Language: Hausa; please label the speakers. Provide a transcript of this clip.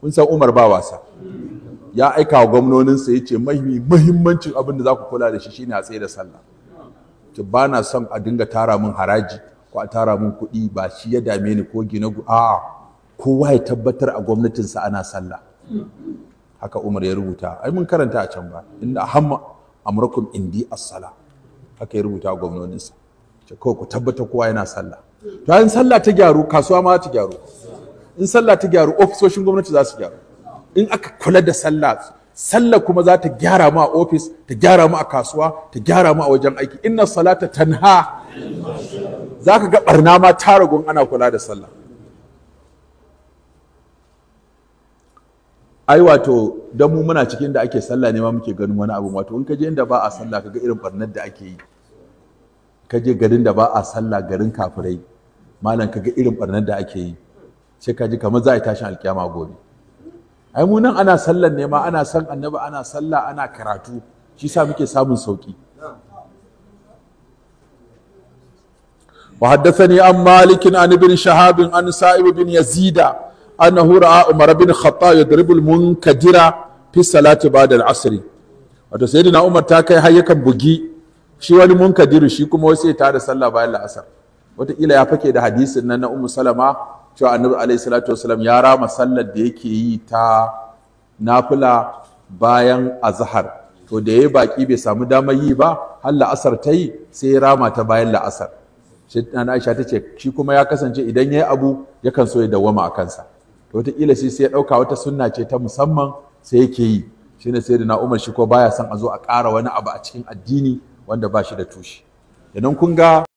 Speaker 1: kun san Umar ba wasa ya aika wa gwamnoninsa ya ce mahimmancin abin da za ku kula da shi shine a tsaye da sallah to ba na son a dinga tara mun haraji ko a tara mun kuɗi ba shi ya dame ni ko gina a'a kowa ya tabbatar a gwamnatinsa ana sallah haka Umar ya rubuta ai mun karanta a can ba inda hamma amrakum indi as-sala haka ya rubuta a gwamnoninsa ce kawai ku tabbatar kowa yana sallah to sallah ta gyaru kasuwa ma ta gyaru in sallah ta gyaru ofisoshin gwamnati za su gyaru in aka kula da sallah sallah kuma za ta gyara mu a ofis ta gyara mu a kasuwa ta gyara mu a wajen aiki inna salata tanha za ka ga barna ma gun ana kula da sallah ai wato don mu muna cikin da ake sallah ne ma muke ganin wani abu wato in ka je inda ba a sallah ka ga irin barnar da ake yi ka je garin da ba a sallah garin kafirai malam ka ga irin barnar da ake yi sai ka ji kamar za a yi tashin alkiyama gobe ai mu nan ana sallar ne ma ana san annabi ana sallah ana karatu shi sa muke samun sauki وحدثني عن مالك عن ابن شهاب عن سائب بن يزيد أنه رأى عمر بن الخطاب يضرب المنكدر في الصلاة بعد العصر wato sai na umar ta kai har yakan bugi shi wani munkadiru shi kuma wasu ya tada sallah bayan la'asar wataƙila ya fake da hadisin nan na ummu salama cewa annabi alaihi salatu wasalam ya rama sallar da yake yi ta nafila bayan azhar to da yayi baki bai samu damar yi ba har la'asar ta yi sai ya rama ta bayan la'asar shi Aisha ta ce shi kuma ya kasance idan yayi abu yakan so ya dawwama a kansa to wataƙila shi sai ya ɗauka wata sunna ce ta musamman sai yake yi shi ne sai da na umar shi ko baya son a zo a ƙara wani abu a cikin addini wanda ba shi da tushe. Idan kun ga